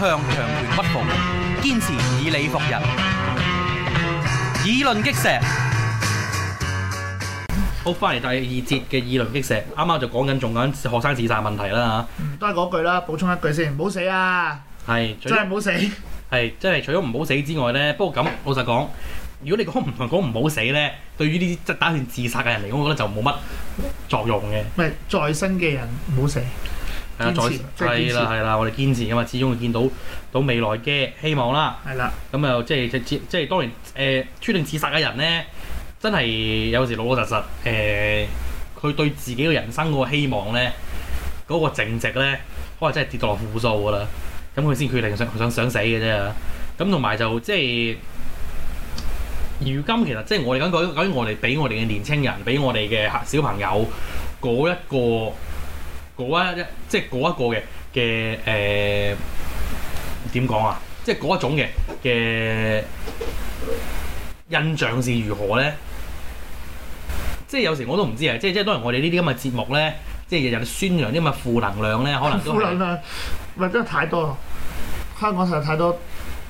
向強權屈服，堅持以理服人，議論擊石。好，翻嚟第二節嘅議論擊石，啱啱就講緊仲緊學生自殺問題啦吓、嗯。都係嗰句啦，補充一句先，唔好死啊！係，真係唔好死。係，真係除咗唔好死之外咧，不過咁老實講，如果你講唔同人講唔好死咧，對於呢啲即係打算自殺嘅人嚟講，我覺得就冇乜作用嘅。唔係在生嘅人唔好死。啊！係、就、啦、是，係啦，我哋堅持噶嘛，始終會見到到未來嘅希望啦。係啦，咁又即係即即係當然誒，決定自殺嘅人咧，真係有時老老實實誒，佢、呃、對自己嘅人生嗰個希望咧，嗰、嗰個正值咧，可能真係跌到落負數噶啦，咁佢先決定想想想死嘅啫。咁同埋就即係，如今其實即係我哋感覺，究竟我哋俾我哋嘅年青人，俾我哋嘅小朋友嗰一個。嗰一即係嗰一個嘅嘅誒點講啊？即係嗰一種嘅嘅印象是如何咧？即係有時我都唔知啊！即係即係當然我哋呢啲咁嘅節目咧，即係日日宣揚啲咁嘅負能量咧，可能都，負能量咪真係太多。香港實在太多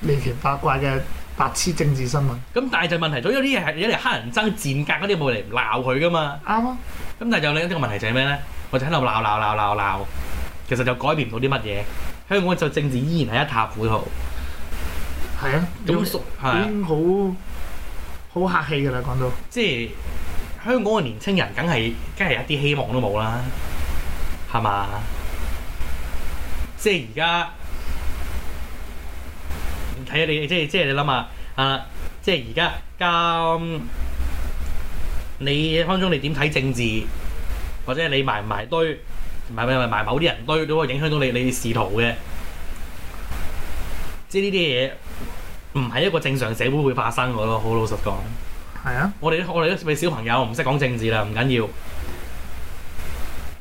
離奇八卦嘅白痴政治新聞。咁但係就問題在，因為啲嘢係有啲人黑人憎、賤格嗰啲冇嚟唔鬧佢噶嘛？啱啊！咁但係有另一個問題就係咩咧？我就喺度鬧鬧鬧鬧鬧，其實就改變唔到啲乜嘢。香港就政治依然係一塌糊塗。係啊，咁熟、啊、已經好好客氣噶啦，講到即係香港嘅年輕人，梗係梗係一啲希望都冇啦，係嘛？即係而家睇下你，即係即係你諗下啊，即係而家咁。你當中你點睇政治，或者你埋唔埋堆，埋埋埋埋某啲人堆，都會影響到你你仕途嘅。即係呢啲嘢唔係一個正常社會會發生嘅咯，好老實講。係啊。我哋我哋啲小朋友唔識講政治啦，唔緊要。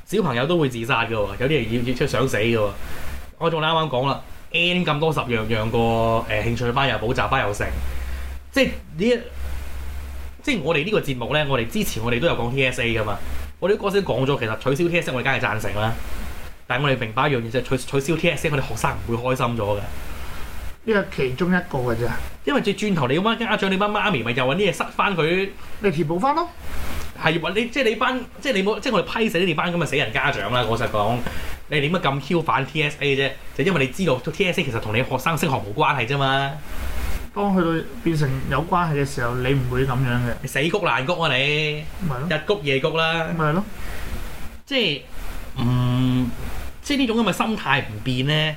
小朋友都會自殺嘅喎，有啲人要要即想死嘅喎。我仲啱啱講啦，N 咁多十樣樣個誒、呃、興趣班又補習班又成，即係呢～即係我哋呢個節目咧，我哋之前我哋都有講 TSA 噶嘛，我啲歌手講咗，其實取消 TSA 我哋梗係贊成啦。但係我哋明白一樣嘢就係取取消 TSA，我哋學生唔會開心咗嘅。呢、這個其中一個㗎啫。因為轉轉頭你咁家長你媽媽咪咪又揾啲嘢塞翻佢。你填補翻咯。係，你，你即係你班即係你冇即係我哋批死你哋班咁嘅死人家長啦！我實講，你哋點解咁 Q 反 TSA 啫？就因為你知道 TSA 其實同你學生升學冇關係啫嘛。當去到變成有關係嘅時候，你唔會咁樣嘅。你死谷爛谷啊你！咪咯，日谷夜谷啦。咪係咯，即係唔即係呢種咁嘅心態唔變咧，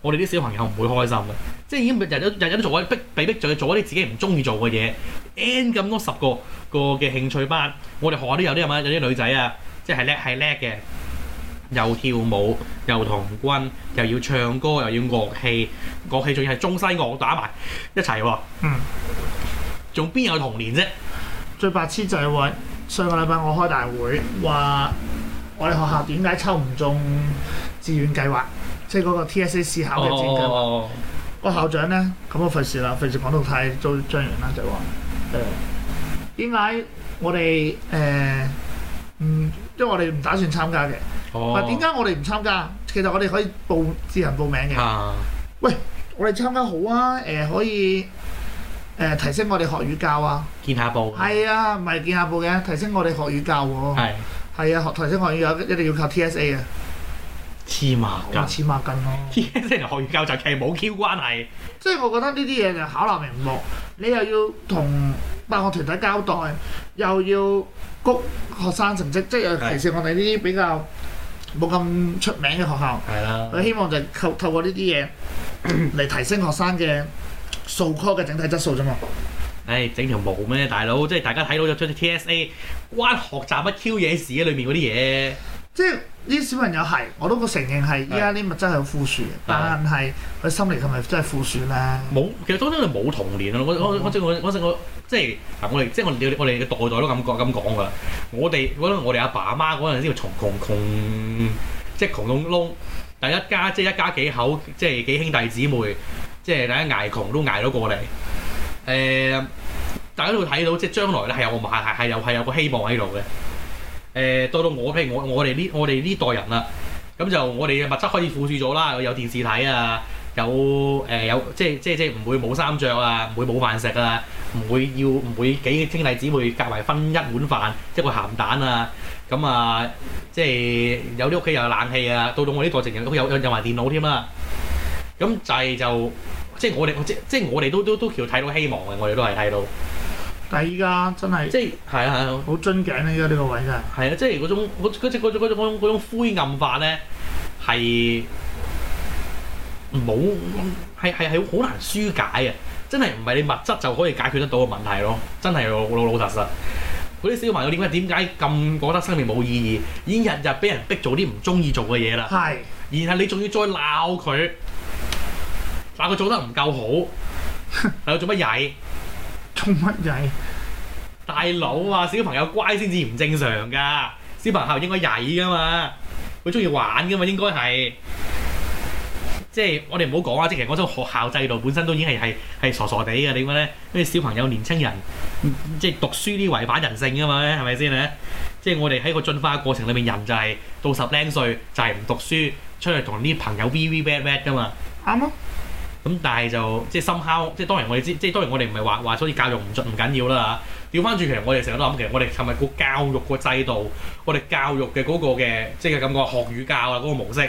我哋啲小朋友唔會開心嘅。即係已經日日日日都做緊逼，被逼做做啲自己唔中意做嘅嘢。N 咁多十個個嘅興趣班，我哋學校都有啲有啲女仔啊，即係叻係叻嘅。又跳舞，又童軍，又要唱歌，又要樂器，樂器仲要係中西樂打埋一齊喎。嗯，仲邊有童年啫？最白痴就係、是、話，上個禮拜我開大會，話我哋學校點解抽唔中志願計劃，即係嗰個 TSA 試考嘅志願。哦哦個校長咧，咁我費事啦，費事講到太都張揚啦，就話誒點解我哋嗯，因為我哋唔打算參加嘅。哦，嗱，點解我哋唔參加？其實我哋可以報智人報名嘅。啊、uh.，喂，我哋參加好啊！誒、呃，可以誒、呃、提升我哋學語教啊。見下報。係啊，唔係、啊、見下報嘅，提升我哋學語教喎。係。啊，學、啊、提升學語教一定要靠 TSA 嘅、啊。黐孖筋，黐孖筋咯。TSA 即係學語教就其實冇 Q 關係。即係我覺得呢啲嘢就考拉名目，你又要同辦學團體交代，又要。谷學生成績，即係提示我哋呢啲比較冇咁出名嘅學校。係啦，我希望就透透過呢啲嘢嚟提升學生嘅數科嘅整體質素啫嘛。唉、哎，整條毛咩，大佬？即係大家睇到就出啲 TSA 關學習乜 Q 嘢事啊，裏面嗰啲嘢。即係。呢啲小朋友係，我都個承認係，依家啲物質係有富庶，是是是但係佢心理係咪真係富庶咧？冇，其實當中佢冇童年啊！我我我正我我正我，即係嗱，我哋即係我哋我哋個、就是就是就是、代代都咁講咁講噶。我哋嗰陣我哋阿爸阿媽嗰陣先要窮窮窮，即係窮窿窿、就是，但係一家即係、就是、一家幾口，即係幾兄弟姊妹，即、就、係、是、大家挨窮都挨咗過嚟。誒，大家都會睇到，即係將來咧係有，係係係有係有，有個希望喺度嘅。誒、呃、到到我譬如我我哋呢我哋呢代人啦，咁就我哋嘅物質開始富庶咗啦，有電視睇啊，有、呃、有即係即係即係唔會冇衫着啊，唔會冇飯食啊，唔會要唔會幾兄弟姊妹夾埋分一碗飯即係個鹹蛋啊，咁啊即係有啲屋企又有冷氣啊，到到我呢代仲有有有埋電腦添啊，咁就係就即係我哋即即係我哋都都都睇到希望嘅，我哋都係睇到。但係依家真係即係係啊，好樽頸咧！依家呢個位㗎，係啊，即係嗰種只嗰種嗰種嗰種灰暗化咧，係冇係係係好難疏解啊！真係唔係你物質就可以解決得到嘅問題咯，真係老我老實實。嗰啲小朋友點解點解咁覺得生命冇意義？已經日日俾人逼做啲唔中意做嘅嘢啦，係，然後你仲要再鬧佢，話佢做得唔夠好，係 做乜嘢？乜嘢？大佬啊，小朋友乖先至唔正常噶。小朋友應該曳噶嘛，佢中意玩噶嘛，應該係即係我哋唔好講啊。即係其實嗰種學校制度本身都已經係係係傻傻地嘅。點講咧？因為小朋友、年青人，即係讀書啲違反人性噶嘛？係咪先咧？即係我哋喺個進化過程裏面，人就係到十零歲就係、是、唔讀書，出去同啲朋友玩玩咁嘛。啱啊！咁但係就即係深刻，即係當然我哋知，即係當然我哋唔係話話所以教育唔準唔緊要啦嚇。調翻轉其實我哋成日都諗，其實我哋係咪個教育個制度，我哋教育嘅嗰個嘅即係咁個學與教嗰個模式，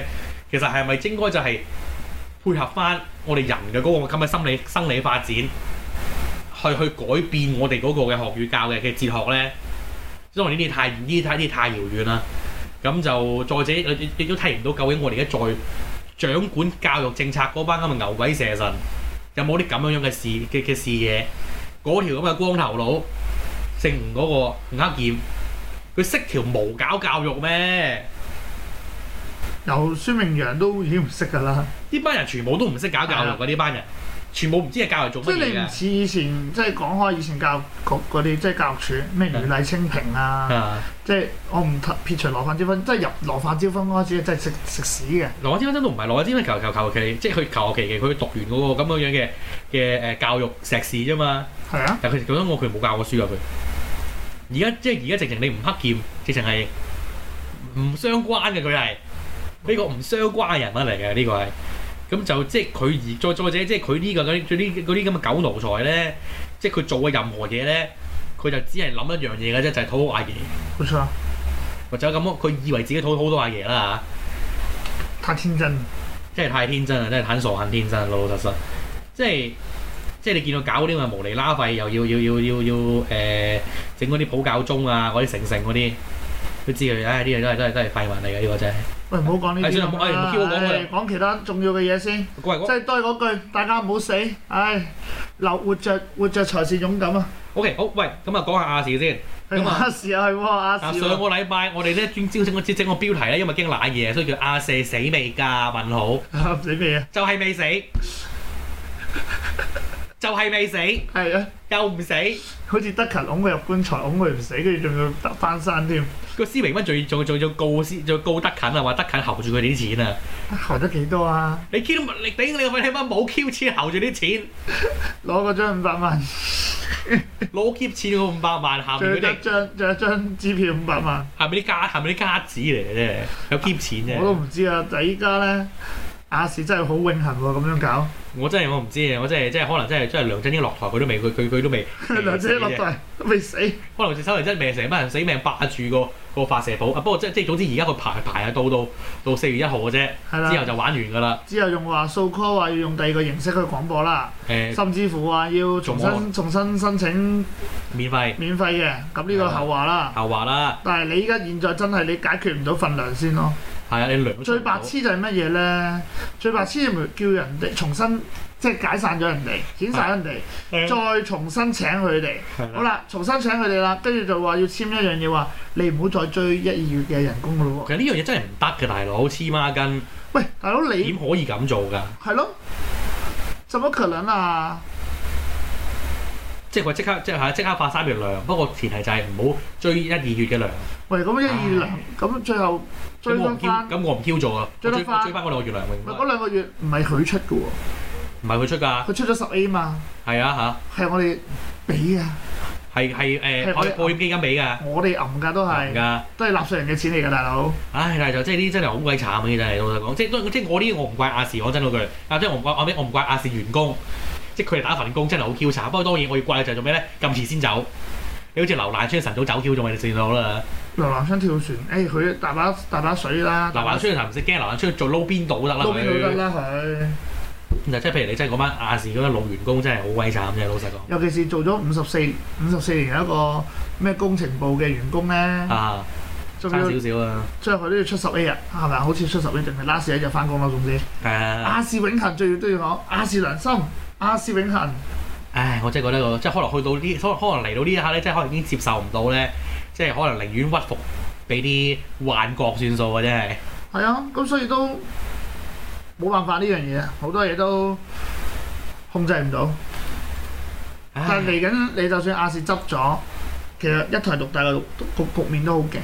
其實係咪應該就係配合翻我哋人嘅嗰個咁嘅心理生理發展，去去改變我哋嗰個嘅學與教嘅嘅哲學咧？因為呢啲太呢啲太啲太遙遠啦。咁就再者亦都睇唔到究竟我哋而家再。掌管教育政策嗰班咁啊牛鬼蛇神，有冇啲咁樣樣嘅視嘅嘅視野？嗰條咁嘅光頭佬，姓吳嗰個吳克儉，佢識條毛搞教育咩？由孫明揚都已經唔識噶啦，呢班人全部都唔識搞教育嘅呢班人。全部唔知係教育做乜嘢，你唔似以前，即係講開以前教，教育局嗰啲，即係教育處咩余黎青萍啊，即係我唔撇除羅范椒芬，即係入羅范椒芬開始，即係食食屎嘅。羅范椒芬真都唔係羅范椒芬，求求求其，即係佢求其嘅。佢讀完嗰個咁樣樣嘅嘅誒教育碩士啫嘛。係啊。但係佢讀咗我，佢冇教過書入去。而家即係而家直情你唔黑劍，直情係唔相關嘅，佢係呢個唔相關人物嚟嘅呢個係。咁就即係佢而再再者、這個，即係佢呢個嗰啲嗰啲啲咁嘅狗奴才咧，即係佢做嘅任何嘢咧，佢就只係諗一樣嘢嘅啫，就係、是、討好阿爺。冇錯，或者咁佢以為自己討好到阿爺啦嚇。太天真。真係太天真啦，真係很傻很天真，老老實實。即係即係你見到搞嗰啲咁嘅無厘啦，費，又要要要要要誒，整嗰啲普教中啊，嗰啲成成嗰啲，佢知佢，唉、哎，啲嘢都係都係都係廢話嚟嘅，呢個真係。喂，唔好講呢啲啦，誒，講其他重要嘅嘢先。即係都係嗰句，大家唔好死，唉，留活著，活著才是勇敢啊！OK，好，喂，咁啊，講下亞視先。亞視啊，係喎亞。啊，上個禮拜我哋咧專招整個整個標題咧，因為驚瀨嘢，所以叫亞視死未嫁問號。死未啊？就係未死。就係未死，係啊，又唔死，好似德勤㧬佢入棺材，㧬佢唔死，跟住仲要得翻生添。個司明乜仲仲仲仲告司，仲告德勤啊，話德勤睺住佢啲錢啊，睺得幾多啊？你 Q 你頂你個肺，你乜冇 Q 錢睺住啲錢，攞個張五百萬，攞 Q 錢個五百萬，下面嗰張，仲有張支票五百萬，下面啲家，下面啲家紙嚟嘅啫，有 Q 錢啫。我都唔知啊，就依家咧。亞、啊、視真係好永恆喎、啊，咁樣搞。我真係我唔知，我真係即係可能真係真係梁振英落台佢都未，佢佢佢都未。 梁振英落台都未死。可能就哋收嚟真命成班人死命霸住個、那個發射寶啊！不過即即總之而家佢排排啊到到到四月一號嘅啫，之後就玩完㗎啦。之後用話數 call 話要用第二個形式去廣播啦、呃，甚至乎話要重新重新申請免費免費嘅，咁呢個後話啦是。後話啦。但係你依家現在真係你解決唔到份量先咯。嗯。係啊！你最白痴就係乜嘢咧？最白痴就係叫人哋重新即係解散咗人哋，遣散人哋、啊，再重新請佢哋。好啦，重新請佢哋啦，跟住就話要簽一樣嘢，話你唔好再追一二月嘅人工噶咯喎。其實呢樣嘢真係唔得嘅，大佬黐孖筋。喂，大佬你點可以咁做㗎？係咯，怎麼可能啊？即係話即刻即係即刻發三月糧，不過前提就係唔好追一二月嘅糧。喂，咁一二糧咁最後。追翻，咁我唔僥助啊！追翻，追翻嗰兩個月梁永發，嗰兩個月唔係佢出噶喎，唔係佢出㗎，佢出咗十 A 嘛，係啊嚇，係我哋俾啊，係係誒，我哋保險基金俾㗎，我哋揞㗎都係，都係納稅人嘅錢嚟㗎，大佬。唉，但就即係呢啲真係好鬼慘嘅嘢，真係老實講，即係即我呢啲我唔怪亞視，講真嗰句，亞即係我唔怪我唔怪亞視員工，即係佢哋打份工真係好僥慘。不過當然我要怪就係做咩咧？咁遲先走，你好似流難先晨早走僥助咪算數啦。劉瀾昌跳船，誒佢搭把大把水啦！劉瀾昌又唔識驚，劉瀾昌出去做撈邊度得啦？撈邊度得啦佢？嗱，即係、就是、譬如你真係講返亞視嗰啲老員工真係好鬼慘嘅，老實講。尤其是做咗五十四五十四年一個咩工程部嘅員工咧，差少少啊！即係佢都要出十一日，係咪好似出十一定係 last 一日返工咯，總之？係啊！亞視永恆最要都要講亞視良心，亞視永恆。唉，我真係覺得個即係可能去到呢，可能嚟到呢一刻咧，即係可能已經接受唔到咧。即係可能寧願屈服，俾啲幻覺算數嘅真係。係啊，咁所以都冇辦法呢樣嘢，好多嘢都控制唔到。但係嚟緊，你就算亞視執咗，其實一台獨大嘅局局面都好勁。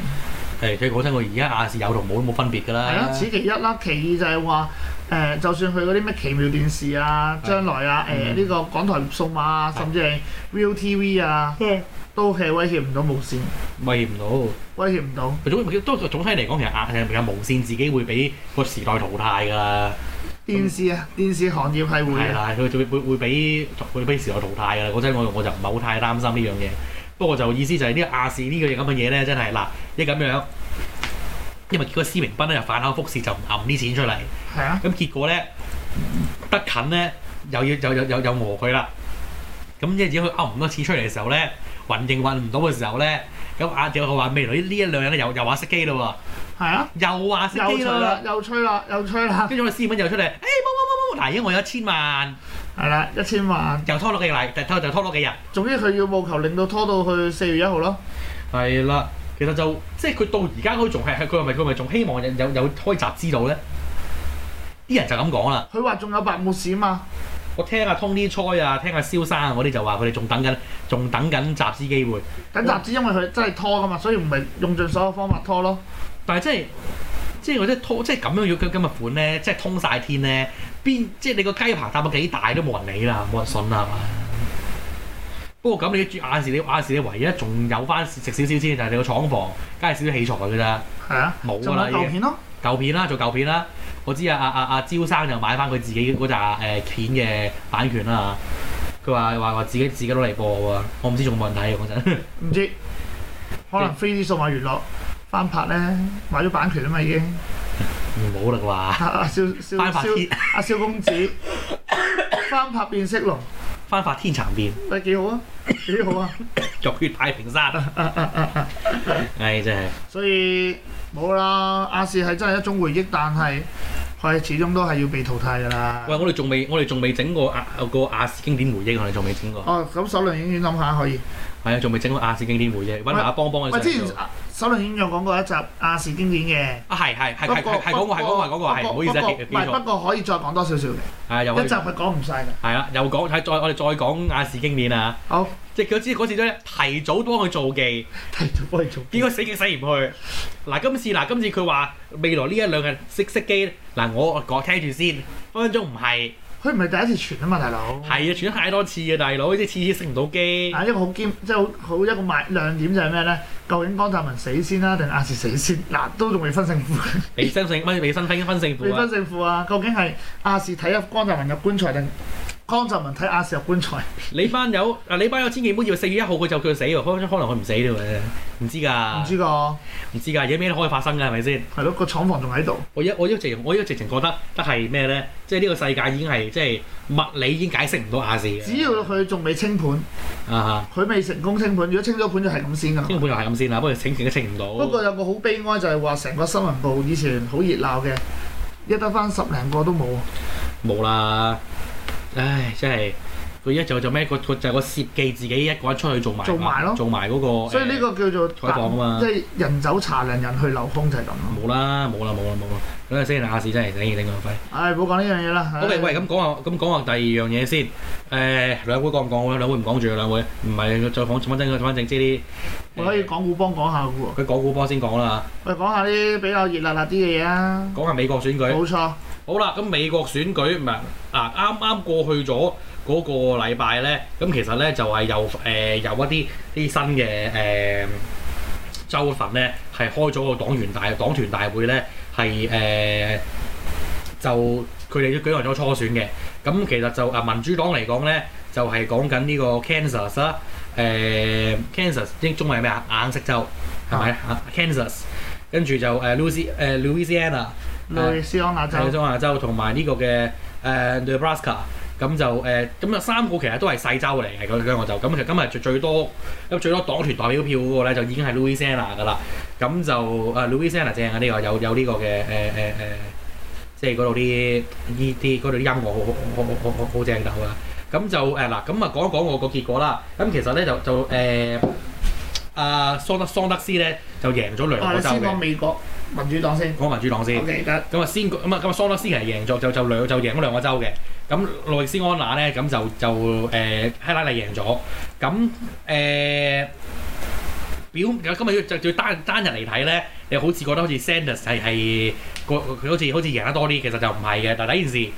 誒，即係講真，我而家亞視有同冇都冇分別㗎啦。係啊，此其一啦，其二就係話誒，就算去嗰啲咩奇妙電視啊、將來啊、誒呢、呃嗯嗯這個港台數碼啊，甚至係 ViuTV 啊。都係威脅唔到無線，威脅唔到，威脅唔到。總都總體嚟講，其實亞其實無線自己會俾個時代淘汰㗎喇。電視啊，電視行業係會係啦，佢會會俾會俾時代淘汰㗎喇。我陣我我就唔係好太擔心呢樣嘢。不過就意思就係、呢個、呢亞視呢個咁嘅嘢咧，真係嗱，一咁樣，因為結果施明斌咧就反口覆舌就唔掹啲錢出嚟，係啊。咁結果咧得近咧又要有又又又和佢啦。咁即係只要佢掹唔多錢出嚟嘅時候咧。運營運唔到嘅時候咧，咁阿趙佢話未來呢一兩日咧又又話熄機啦喎，啊，來又話熄機啦、啊啊，又吹啦，又吹啦，跟住我哋師妹又出嚟，誒、哎，冇冇冇冇，嗱，因為我有一千萬，係啦、啊，一千萬，又拖落幾日嚟，就拖就拖落幾日，總之佢要務求令到拖到去四月一號咯，係啦、啊，其實就即係佢到而家佢仲係佢係咪佢咪仲希望有有有開閘之道咧？啲人就咁講啦，佢話仲有白武士嘛？我聽下通啲菜啊，聽下蕭生啊，嗰啲就話佢哋仲等緊，仲等緊集資機會。等集資，因為佢真係拖噶嘛，所以唔係用盡所有方法拖的咯。但係即係，即係我即係拖，即係咁樣要今今日款咧，即係通晒天咧，邊即係你個雞排搭到幾大都冇人理啦，冇人信啦，係嘛？不過咁你亞視你亞視你唯一仲有翻食少少先，但、就、係、是、你個廠房，梗係少少器材噶咋。係啊，冇啦已經，舊片咯，舊片啦，做舊片啦。我知道啊，阿啊阿蕭、啊、生就買翻佢自己嗰紮、呃、片嘅版權啦。佢話話話自己自己攞嚟播喎，我唔知仲冇人睇嘅唔知，可能 3D 數碼娛樂翻拍咧，買咗版權啊嘛已經。唔好啦啩。阿返拍，蕭蕭公子翻拍變色龍，翻拍天蠶變。喂，幾好啊？幾好啊？逐血太平山啊！唉，真係。所以冇啦，亞視係真係一種回憶，但係佢始終都係要被淘汰噶啦。喂，我哋仲未，我哋仲未整過嗰個亞視經典回憶，我哋仲未整過。哦，咁首輪影院諗下可以。係啊，仲未整過亞視經典回憶，揾下阿邦幫佢上。首輪演唱講過一集亞視、啊、經典嘅，啊係係係係講我係講話講個係，唔好意思，唔係不過可以再講多少少嘅，一集佢講唔晒，嘅，係啦，又講睇再我哋再講亞視經典啊，好，即係佢知嗰次都提早幫佢做記，提早幫佢做，結果死記死唔去，嗱、 啊、今次嗱、啊、今次佢話未來呢一兩日識熄機，嗱、啊、我我講聽住先，分分鐘唔係。佢唔係第一次傳啊嘛，大佬。係啊，傳咗太多次啊，大佬，即係次次食唔到機、啊。嗱，一個好堅，即係好好一個賣亮點就係咩咧？究竟江澤民死先啦，定亞視死先？嗱、啊，都仲未分勝負 分。未分勝，乜未分分勝負、啊。未分勝負啊！究竟係亞視睇下江澤民嘅棺材定？康澤文睇亞視入棺材，你班友啊，你班友千祈唔好以為四月一號佢就叫死喎，可能佢唔死咧，唔知㗎，唔知㗎，唔知㗎，有咩都可以發生㗎，係咪先？係咯，個廠房仲喺度。我一我一直我一直程覺得得係咩咧？即係呢個世界已經係即係物理已經解釋唔到亞視嘅。只要佢仲未清盤啊，佢、uh、未 -huh. 成功清盤，如果清咗盤就係咁先啦。清盤又係咁先啦，不過清唔清都清唔到。不過有個好悲哀就係話，成個新聞部以前好熱鬧嘅，一得返十零個都冇，冇啦。唉，真係佢一就做就咩？佢佢就係個設計自己一個人出去做埋做埋咯，做埋嗰個。所以呢個叫做開放啊嘛，即係人走茶涼，人去樓空就係咁。冇啦，冇啦，冇啦，冇啦。嗰個斯里亞真係頂頂鬼肺。唉，唔好講呢樣嘢啦。OK，喂，咁講下咁講下第二樣嘢先。誒、哎，兩會講唔講兩會唔講住兩會。唔係，再講，再翻真，再翻正啲。我可以港股幫講古講下佢港股幫先講啦。喂，講下啲比較熱辣辣啲嘅嘢啊！講下美國選舉。冇錯。好啦，咁美國選舉唔係啊啱啱過去咗嗰個禮拜咧，咁其實咧就係又有、呃、有一啲啲新嘅誒、呃、州份咧，係開咗個黨員大黨團大會咧，係誒、呃、就佢哋都舉行咗初選嘅。咁其實就啊民主黨嚟講咧，就係、是、講緊呢個 Kansas 啦、呃，誒 Kansas 即中文係咩啊？眼色州係咪啊？Kansas，跟住就誒 Louis 誒 Louisiana。Louisiana 州同埋呢個嘅、uh, n e b r a s k a 咁就誒咁啊三個其實都係細州嚟，係咁我就咁其實今日最最多咁最多黨團代表票嗰個咧就已經係 Louisiana 噶啦，咁就誒、uh, Louisiana 正啊呢、這個有有呢個嘅誒誒誒，uh, uh, 即係嗰度啲依啲度啲音樂好好好好好好好正到咁就嗱咁啊講一講我個結果啦。咁其實咧就就阿桑德桑德斯咧就贏咗 l o 州民主黨先講，民主黨先 O K 得咁啊，okay, 那先咁啊，咁啊，那桑德斯其實贏咗就就兩就贏咗兩個州嘅咁。路易斯安娜呢那咧，咁就就誒希拉里贏咗咁誒表。今日要就最單單日嚟睇咧，你好似覺得好似 Sanders 係係個佢好似好似贏得多啲，其實就唔係嘅。但係第一件事誒、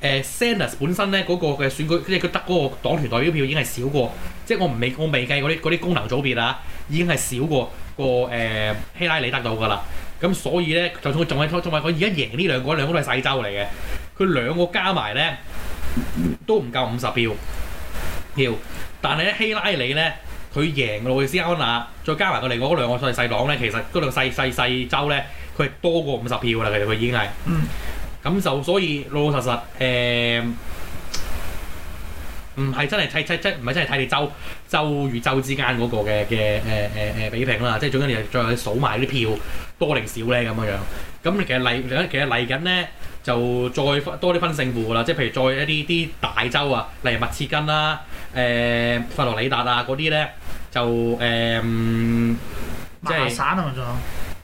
呃、，Sanders 本身咧嗰、那個嘅選舉，即係佢得嗰個黨團代表票已經係少過，即、就、係、是、我唔未我未計嗰啲嗰啲功能組別啊，已經係少過、那個誒希、呃、拉里得到噶啦。咁所以咧，就仲仲係仲係佢而家贏呢兩個兩個都係細州嚟嘅，佢兩個加埋咧都唔夠五十票票，但係咧希拉里咧佢贏路易斯安娜再加埋佢嚟外嗰兩個細細黨咧，其實嗰兩個細細細州咧，佢係多過五十票啦，其實佢已經係，咁、嗯、就所以老老實實、呃唔係真係睇睇即唔係真係睇你州州與州之間嗰個嘅嘅、呃呃、比拼啦，即總之你再數埋啲票多定少咧咁樣。咁其實嚟其實嚟緊咧就再多啲分勝負噶啦，即譬如再一啲啲大州啊，例如密切根啦、誒、呃、佛羅里達那些呢、呃、啊嗰啲咧就即係省啊仲。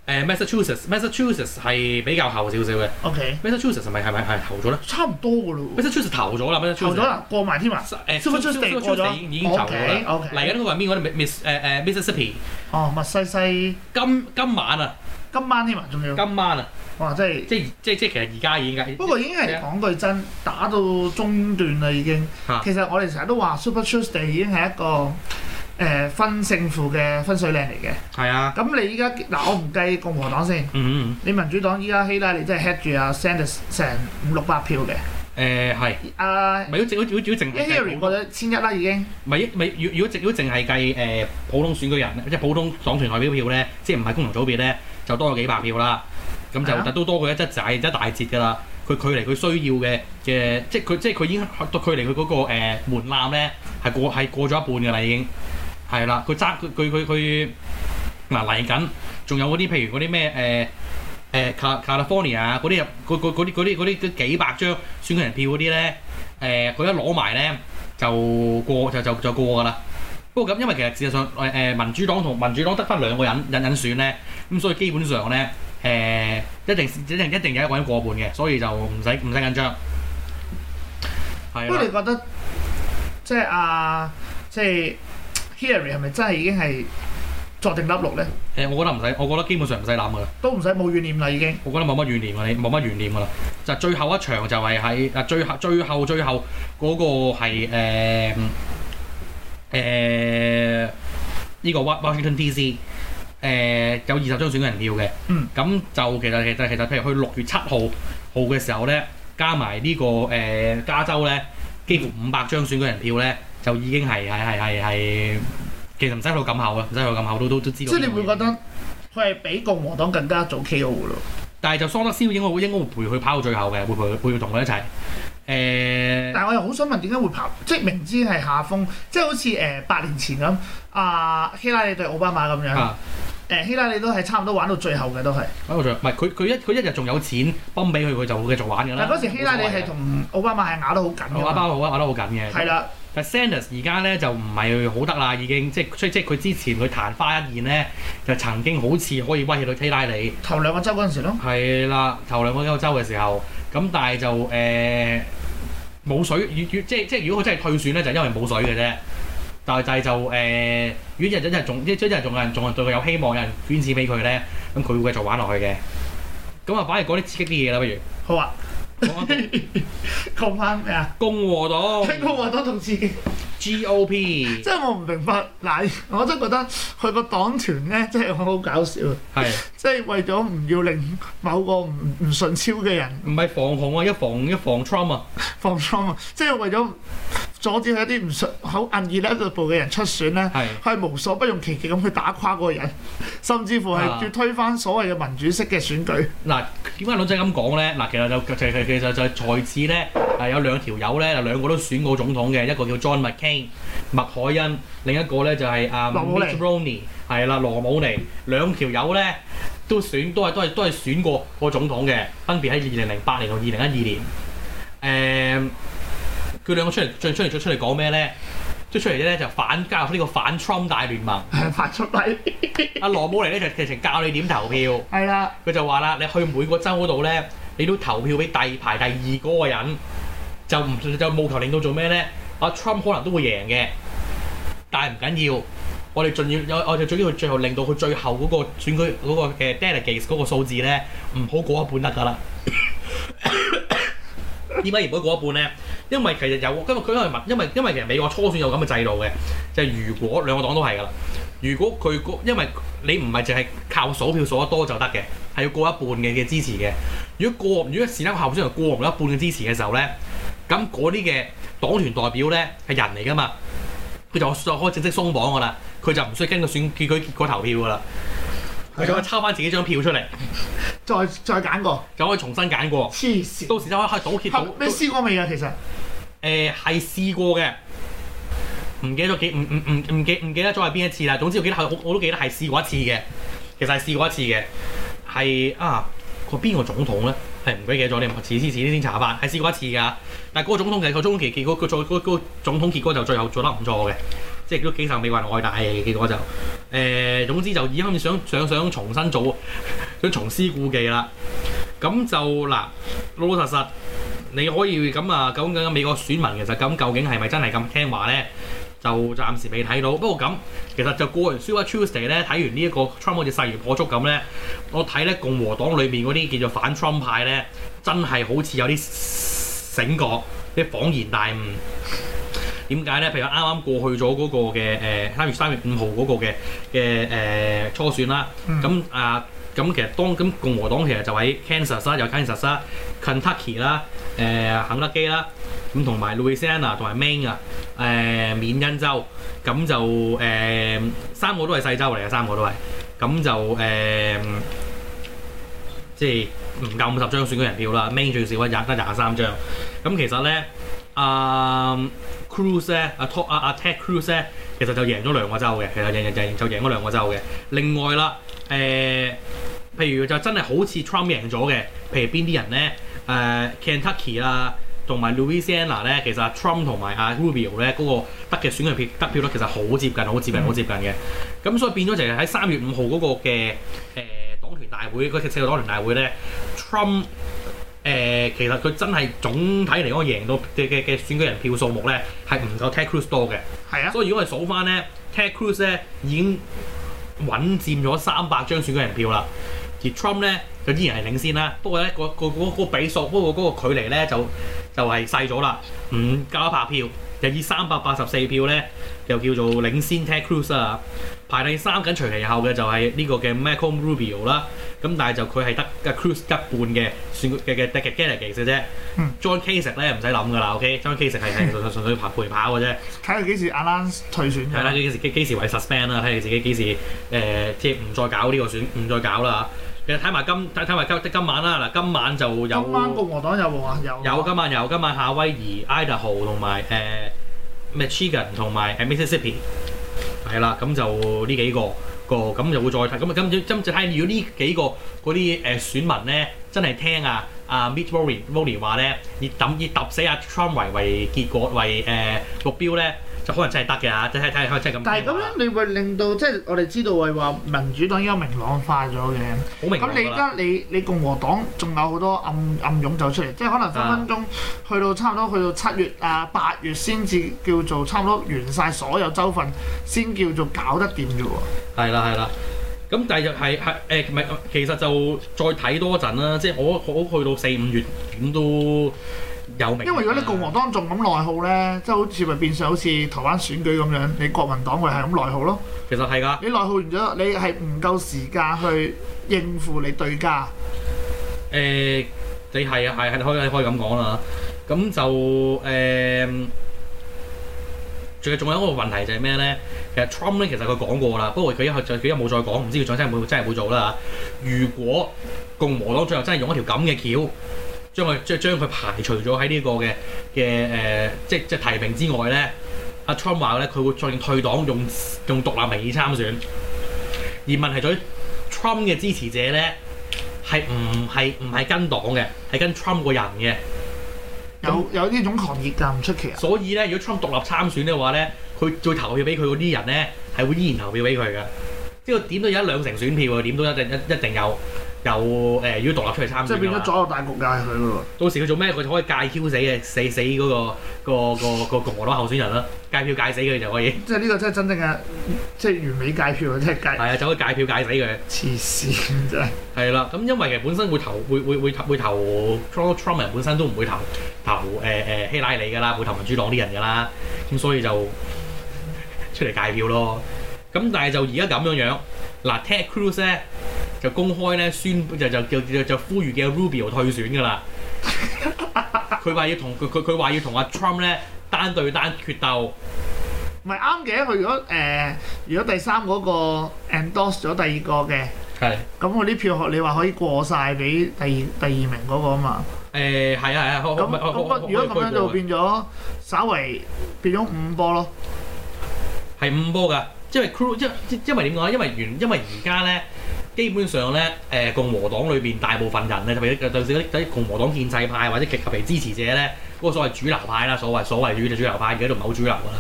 Massachusetts，Massachusetts、哎、係比較後少少嘅。O、okay. K。Massachusetts 係咪係咪係投咗咧？差唔多嘅咯。Massachusetts 投咗啦，Massachusetts 投咗啦，過埋添、欸 okay. okay. 啊！誒，Super Tuesday 已經已經投咗啦。O K。嚟緊嗰個邊？我哋 Miss 誒誒 Mississippi。哦，密西西。今今晚啊！今晚添啊，仲要。今晚啊！哇，真係，即係即係即係，其實而家已經，不過已經係講句真，打到中段啦已經。其實我哋成日都話 Super Tuesday、啊、已經係一個。誒、呃、分勝負嘅分水嶺嚟嘅，係啊。咁你依家嗱，我唔計共和黨先，嗯嗯你民主黨依家希拉里真係 hit 住啊，Sanders 成五六百票嘅。誒、呃、係。誒，唔係如果淨如果如果淨係 h 千一啦已經。唔如果淨如淨係計、呃、普通選舉人即係普通黨團代表票咧，即係唔係工農組別咧，就多咗幾百票啦。咁就但、啊、都多佢一則仔，一大截㗎啦。佢距離佢需要嘅嘅，即係佢即係佢已經佢距離佢嗰、那個誒、呃、門檻咧，係過係過咗一半㗎啦，已經。係啦，佢揸，佢佢佢佢嗱嚟緊，仲、啊、有嗰啲譬如嗰啲咩誒誒加加利福尼亞嗰啲入，嗰嗰嗰啲嗰啲嗰啲幾百張選舉人票嗰啲咧誒，佢、呃、一攞埋咧就過就就就過㗎喇。不過咁因為其實事實上誒、呃、民主黨同民主黨得返兩個人引引選咧，咁所以基本上咧誒、呃、一定一定一定有一個人過半嘅，所以就唔使唔使緊張。係。不過你覺得即係、就是、啊，即係？Harry 係咪真係已經係坐定粒六咧？誒、嗯，我覺得唔使，我覺得基本上唔使諗㗎啦。都唔使冇懸念啦，已經。我覺得冇乜懸念啊，你冇乜懸念㗎啦。就最後一場就係喺啊，最後、最後、最後嗰個係誒呢個 Washington DC 誒、呃、有二十張選人票嘅。嗯。咁就其實其實其實譬如去六月七號號嘅時候咧，加埋呢、呢個誒、呃、加州咧。幾乎五百張選舉人票咧，就已經係係係係係，其實唔使去到咁後啦，唔使去到咁後都都都知道。即係你會覺得佢係比共和黨更加早 KO 嘅咯。但係就桑德斯應該會應該會陪佢跑到最後嘅，會陪佢會同佢一齊。誒、欸！但係我又好想問，點解會跑？即係明知係下風，即係好似誒八年前咁，阿、啊、希拉里對奧巴馬咁樣。啊。誒，希拉里都係差唔多玩到最後嘅，都係、啊，玩到最唔係佢佢一佢一日仲有錢崩俾佢，佢就會繼續玩嘅啦。嗱，嗰時希拉里係同奧巴馬係咬得好緊嘅，奧巴馬好啊，咬得好緊嘅。係啦，但 Sanders 而家咧就唔係好得啦，已經即係即即係佢之前佢曇花一現咧，就曾經好似可以威脅到希拉里。頭兩個州嗰陣時咯。係啦，頭兩個州嘅時候，咁但係就誒冇、呃、水，即係即係如果佢真係退選咧，就是、因為冇水嘅啫。但係就係就誒、呃，如果仲即即日仲有人仲係對佢有希望，有人捐錢俾佢咧，咁佢會繼續玩落去嘅。咁啊，反而講啲刺激啲嘢啦，不如好啊！講翻咩啊？共和黨共和黨同自己 GOP，即係我唔明白，嗱，我真係覺得佢個黨團咧，即係好搞笑啊！係即係為咗唔要令某個唔唔順超嘅人，唔係防紅啊，一防一防 Trump 啊，防 Trump 啊，即係為咗，阻止佢一啲唔想口硬氣咧個部嘅人出選咧，係無所不用其極咁去打垮嗰個人，甚至乎係要推翻所謂嘅民主式嘅選舉。嗱、啊，點解老仔咁講咧？嗱、啊，其實就其其其就係才子咧，係、啊、有兩條友咧，兩個都選過總統嘅，一個叫 John McCain 麥凱恩，另一個咧就係阿 Romney 係啦，羅姆尼，羅尼，羅尼兩條友咧都選都係都係都係選過個總統嘅，分別喺二零零八年同二零一二年，誒、嗯。佢兩個出嚟，最出嚟，再出嚟講咩咧？再出嚟咧就反加入呢個反 Trump 大聯盟。反出嚟。阿羅姆尼咧就直情教你點投票。係啦。佢就話啦：你去每個州嗰度咧，你都投票俾第二排第二嗰個人，就唔就務求令到做咩咧？阿、啊、Trump 可能都會贏嘅，但係唔緊要。我哋仲要有，我哋仲要佢最後令到佢最後嗰個選舉嗰、那個嘅 Delegate 嗰個數字咧，唔好過一半得㗎啦。點解唔可以過一半咧？因為其實有，因為佢因為民，因為因為，因為其實美國初選有咁嘅制度嘅，就係、是、如果兩個黨都係噶啦，如果佢個因為你唔係淨係靠數票數得多就得嘅，係要過一半嘅嘅支持嘅。如果過，如果選擲候選人過唔到一半嘅支持嘅時候咧，咁嗰啲嘅黨團代表咧係人嚟噶嘛，佢就可可以正式鬆綁噶啦，佢就唔需要經過選舉結果投票噶啦。佢仲、啊、可以抽翻自己張票出嚟，再再揀過，就可以重新揀過。黐線！到時就可以賭倒揭你試過未啊？其實誒係、呃、試過嘅，唔記得幾唔唔唔唔記唔、嗯嗯嗯嗯、記得咗係邊一次啦。總之我記得係我,我,我都記得係試過一次嘅，其實係試過一次嘅，係啊個邊個總統咧？係唔記得咗啲啊！遲啲遲啲先查翻。係試過一次㗎，但係嗰個總統其實個中期結果做、嗰個嗰個嗰個總統結果就最後、嗰個、做得唔錯嘅。即係都幾受美國人愛戴，結果就誒、呃、總之就以後想想想重新做，想重施故技啦。咁就嗱老老實實，你可以咁啊，講緊美國選民其實咁究竟係咪真係咁聽話咧？就暫時未睇到。不過咁其實就過完 Super Tuesday 咧，睇完呢、這、一個 Trump 好似勢如破竹咁咧，我睇咧共和黨裏面嗰啲叫做反 Trump 派咧，真係好似有啲醒覺，即係恍然大悟。點解咧？譬如啱啱過去咗嗰個嘅誒三月三月五號嗰個嘅嘅誒初選啦，咁、嗯、啊咁其實當咁共和黨其實就喺 Kansas 啦，有 Kansas 啦，Kentucky 啦，誒、呃、肯德基啦，咁同埋 Louisiana 同埋 Maine 啊，誒、呃、緬因州，咁就誒三個都係細州嚟嘅，三個都係，咁就誒即係唔夠五十張選舉人票啦。Maine 最少啊，得廿三張。咁其實咧。啊，Cruz 咧，啊托啊啊 Ted Cruz 咧，其實就贏咗兩個州嘅，其實贏贏贏就贏咗兩個州嘅。另外啦，誒，譬如就真係好似 Trump 贏咗嘅，譬如邊啲人咧？誒，Kentucky 啦，同埋 Louisiana 咧，其實 Trump 同埋啊 Rubio 咧，嗰個得嘅選舉票得票咧，其實好接近，好接近，好接近嘅。咁所以變咗就係喺三月五號嗰個嘅誒黨團大會嗰次四個黨團大會咧，Trump。誒，其實佢真係總體嚟講贏到嘅嘅嘅選舉人票數目咧，係唔夠 Ted Cruz 多嘅。係啊，所以如果我哋數翻咧，Ted Cruz 咧已經穩佔咗三百張選舉人票啦。而 Trump 咧，就依然係領先啦。不過咧，嗰個個、嗰個比數，不過嗰個距離咧就就係細咗啦。五加白票，就以三百八十四票咧，就叫做領先 Ted Cruz 啊。排第三緊隨其後嘅就係呢個嘅 Marco Rubio 啦。咁但係就佢係得 Cruz 一半嘅選嘅嘅嘅 candidate 啫。John Kasich 咧唔使諗噶啦，OK。John Kasich 係係純粹陪跑嘅啫。睇佢幾時 Alan 退選嘅。係啦，幾時幾幾時為 suspend 啦？睇下自己幾時誒，即唔再搞呢個選，唔再搞啦嚇。其實睇埋今睇睇埋今今晚啦，嗱今晚就有。今晚共和黨有冇啊？有。有今晚有今晚夏威夷、Idaho 同埋誒密西根同埋 Mississippi 係啦，咁就呢幾個。個咁又會再睇，咁啊，今次今次睇，如果呢幾個嗰啲誒選民咧，真係聽啊啊 Mitt Romney，Romney 話咧，以抌以揼死阿、啊、Trump 為為結果為誒、呃、目標咧。就可能真係得嘅嚇，即係睇下真係咁。但係咁樣，你會令到即係、就是、我哋知道係話民主黨應該明朗化咗嘅。好明你你。咁你而家你你共和黨仲有好多暗暗湧走出嚟，即係可能分分鐘去到差唔多去到七月啊八月先至叫做差唔多完晒所有州份，先叫做搞得掂嘅喎。係啦係啦，咁第二就係係誒，其實就再睇多陣啦，即係我我，我去到四五月咁都。有因為如果你共和黨仲咁內耗咧，即係好似咪變相好似台灣選舉咁樣，你國民黨佢係咁內耗咯。其實係㗎。你內耗完咗，你係唔夠時間去應付你對家。誒、欸，你係啊係，可以可以咁講啦嚇。咁就誒，最、欸、仲有一個問題就係咩咧？其實 Trump 咧其實佢講過啦，不過佢一佢佢一冇再講，唔知佢再真係冇真係冇做啦嚇。如果共和黨最後真係用一條咁嘅橋。將佢將將佢排除咗喺呢個嘅嘅誒，即即提名之外咧，阿 Trump 話咧，佢會再退黨，用用獨立名義參選。而問題咗 Trump 嘅支持者咧，係唔係唔係跟黨嘅，係跟 Trump 個人嘅。有有呢種狂熱㗎，唔出奇。所以咧，如果 Trump 獨立參選嘅話咧，佢再投票俾佢嗰啲人咧，係會依然投票俾佢嘅。即係點都有一兩成選票喎，點都一定一一定有。有誒、呃，如果獨立出嚟參選，即係變咗咗右大局界佢到時佢做咩？佢就可以戒 Q 死嘅，死死嗰、嗰個、嗰個、嗰個、嗰個共和黨候選人啦，戒票界死佢就可以。即係呢個真係真正嘅，即係完美戒票啊！即係界係啊，走去戒票界死佢。黐線真係。係啦，咁因為其實本身會投會會會會投 Trump 人本身都唔會投投誒誒、欸欸、希拉里㗎啦，會投民主黨啲人㗎啦，咁所以就出嚟戒票咯。咁但係就而家咁樣樣嗱，Ted Cruz。啊 Ted Cruz 就公開咧宣就就叫就就呼籲嘅 Rubio 退選㗎啦。佢話要同佢佢佢話要同阿 Trump 咧單對單決鬥，唔係啱嘅。佢如果誒如果第三嗰個 endorse 咗第二個嘅，係咁我啲票學你話可以過曬俾第二第二名嗰個啊嘛。誒係啊係啊，咁咁如果咁樣就變咗稍為變咗五波咯，係五波㗎，因為因為因為點講咧？因為原因為而家咧。基本上咧，誒共和黨裏邊大部分人咧，特別尤其啲共和黨建制派或者及其嘅支持者咧，嗰個所謂主流派啦，所謂所謂主謂主流派而家都唔係好主流噶啦。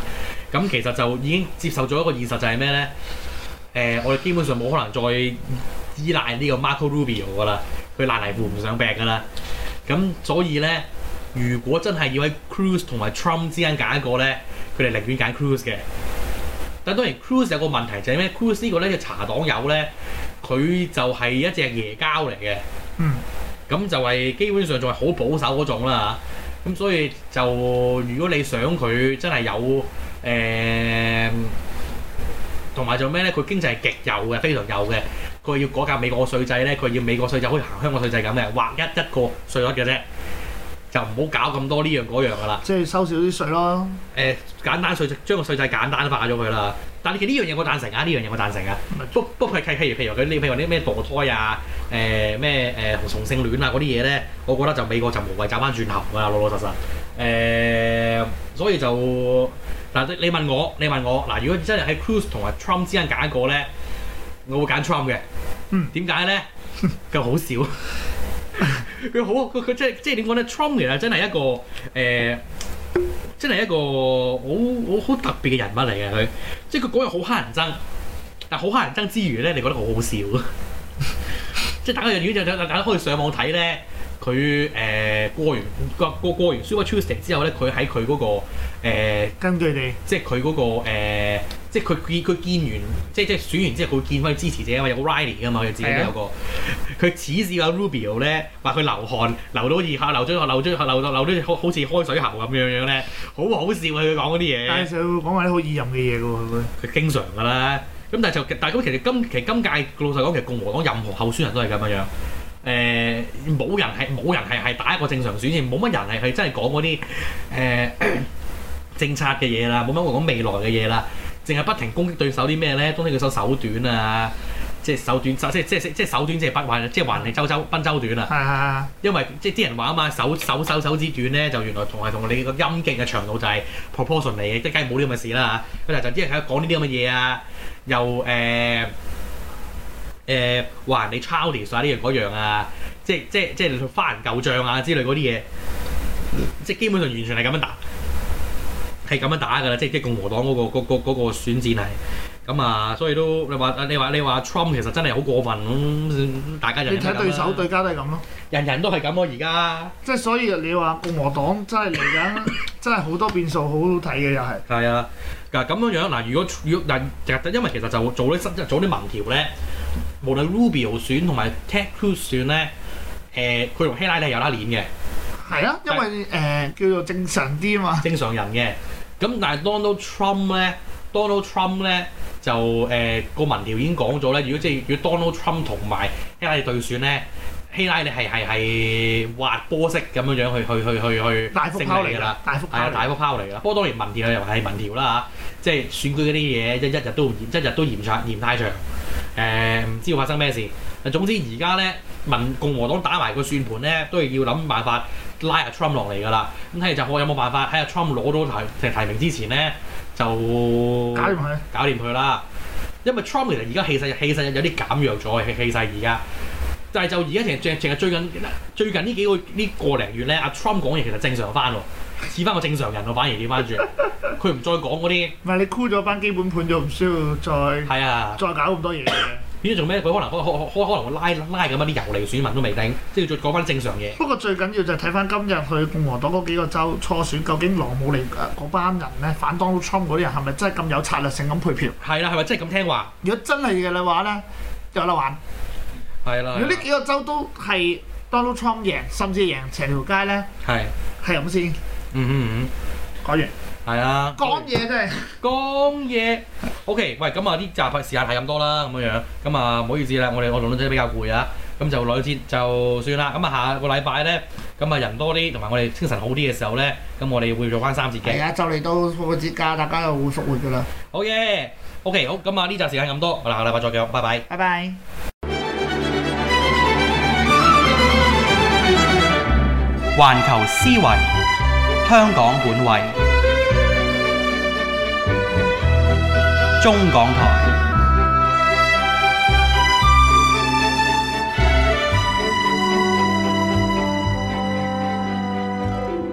咁其實就已經接受咗一個現實就是什麼呢，就係咩咧？誒，我哋基本上冇可能再依賴呢個 Marco Rubio 噶啦，佢爛泥扶唔上壁噶啦。咁所以咧，如果真係要喺 Cruz 同埋 Trump 之間揀一個咧，佢哋寧願揀 Cruz 嘅。但當然，Cruz 有個問題就係咩？Cruz 呢個咧就茶黨友咧，佢就係一隻椰膠嚟嘅，咁、嗯、就係基本上仲係好保守嗰種啦嚇，咁所以就如果你想佢真係有誒，同、欸、埋做咩咧？佢經濟係極右嘅，非常右嘅。佢要改革美國嘅稅制咧，佢要美國稅制好似行香港稅制咁嘅，劃一一個稅率嘅啫，就唔好搞咁多呢樣嗰樣噶啦。即係收少啲稅咯。誒、欸，簡單稅制，將個稅制簡單化咗佢啦。但其實呢樣嘢我贊成啊，呢樣嘢我贊成啊。不不，譬如譬如譬如佢呢，譬如啲咩墮胎啊，誒咩誒同性戀啊嗰啲嘢咧，我覺得就美國就無謂走翻轉頭，我係老老實實。誒、呃，所以就嗱你你問我，你問我嗱，如果真係喺 c r u i s e 同埋 Trump 之間揀一個咧，我會揀 Trump 嘅。嗯，點解咧？佢好笑，他很笑。， 佢好佢佢真係即係點講咧？Trump 其實真係一個誒、呃，真係一個好好好特別嘅人物嚟嘅佢。即係佢嗰日好乞人憎，但係好乞人憎之餘咧，你覺得好好笑，即係等佢如果就大家可以上網睇咧，佢誒過完個過過完 Super Tuesday 之後咧，佢喺佢嗰個誒，根、呃、據你，即係佢嗰個誒。呃即係佢佢佢見完，即係即係選完之後，佢見翻佢支持者啊嘛，有個 Riley 啊嘛，佢自己都有個佢恥、啊、笑指示 Rubio 咧，話佢流汗流到熱下，流咗流咗流到流到，流到，流到，流到好好似開水喉咁樣樣咧，好好笑啊！佢講嗰啲嘢，但係成日會講埋啲好意淫嘅嘢嘅喎，佢經常㗎啦。咁但係就但係咁，其實今其實今屆老實講，其實共和黨任何候選人都係咁樣樣。誒、呃，冇人係冇人係係打一個正常選戰，冇乜人係係真係講嗰啲誒政策嘅嘢啦，冇乜會講未來嘅嘢啦。淨係不停攻擊對手啲咩咧？攻擊對手手短啊！即係手短，即係即係即係手短即係，即係不壞，即係還你周周賓周短啊。 因為即係啲人話啊嘛，手手手手指短咧，就原來同係同你個陰莖嘅長度就係 proportion 嚟嘅，即梗係冇呢咁嘅事啦嚇！就就因喺度講呢啲咁嘅嘢啊，又誒誒話人哋 challenge 啊呢樣嗰樣啊，即係即係即係翻人舊帳啊之類嗰啲嘢，即係基本上完全係咁樣答。係咁樣打㗎啦，即係即係共和黨嗰、嗰個嗰、嗰個嗰、嗰個選戰係咁啊，所以都你話你話你話 Trump 其實真係好過分咁、嗯，大家就睇對手,咁、啊、對,手對家都係咁咯，人人都係咁咯而家，即係所以你話共和黨真係嚟緊，真係好多變數很好看的，好好睇嘅又係。係啊，嗱咁樣樣嗱、啊，如果要嗱，因為其實就做啲新，即係做啲民調咧，無論 Rubio 選同埋 Ted Cruz 選咧，誒佢同希拉里有拉鏈嘅。係啊，因為誒、呃、叫做正常啲啊嘛，正常人嘅。咁但係 Donald Trump 咧，Donald Trump 咧就誒個、呃、民調已經講咗咧，如果即係如果 Donald Trump 同埋希拉里對選咧，希拉里係係係滑波式咁樣樣去去去去去大幅㗎啦，大幅拋離㗎，係大幅拋離㗎。不過當然民調又係民調啦嚇，即、嗯、係、就是、選舉嗰啲嘢一一日都一日都嫌長嫌太長。誒、呃、唔知會發生咩事。總之而家咧民共和黨打埋個算盤咧，都係要諗辦法。拉阿 Trump 落嚟㗎啦，咁睇嚟就我有冇辦法喺阿 Trump 攞到提提名之前咧就搞掂佢，搞掂佢啦。因為 Trump 其實而家氣勢氣勢有啲減弱咗嘅，氣氣勢而家。但係就而家淨淨淨係最近最近呢幾個呢個零月咧，阿 Trump 講嘢其實正常翻喎，似翻個正常人咯，反而調翻轉。佢唔再講嗰啲。唔係你箍咗翻基本盤就唔需要再，係啊，再搞咁多嘢。變咗做咩？佢可能可可可可能拉拉咁啊！啲游離選民都未定，即係再講翻正常嘢。不過最緊要就係睇翻今日去共和黨嗰幾個州初選，究竟羅姆尼嗰班人咧，反 Donald Trump 嗰啲人係咪真係咁有策略性咁配票？係啦，係咪真係咁聽話？如果真係嘅你話咧，有得玩。係啦。如果呢幾個州都係 Donald Trump 贏，甚至贏成條街咧，係係咁先。嗯嗯嗯，講完。係啊，講嘢真係講嘢。O K，喂，咁啊，呢集嘅時間係咁多啦，咁樣樣，咁啊，唔好意思啦，我哋我兩位姐比較攰啊，咁就兩節就算啦。咁啊，下個禮拜咧，咁啊人多啲，同埋我哋精神好啲嘅時候咧，咁我哋會做翻三節嘅。而家，就嚟到過節假，大家又會復活噶啦。好嘢，O K，好，咁啊呢集時間咁多，好啦，下禮拜再見，拜拜。拜拜。環球思維，香港本位。中港台。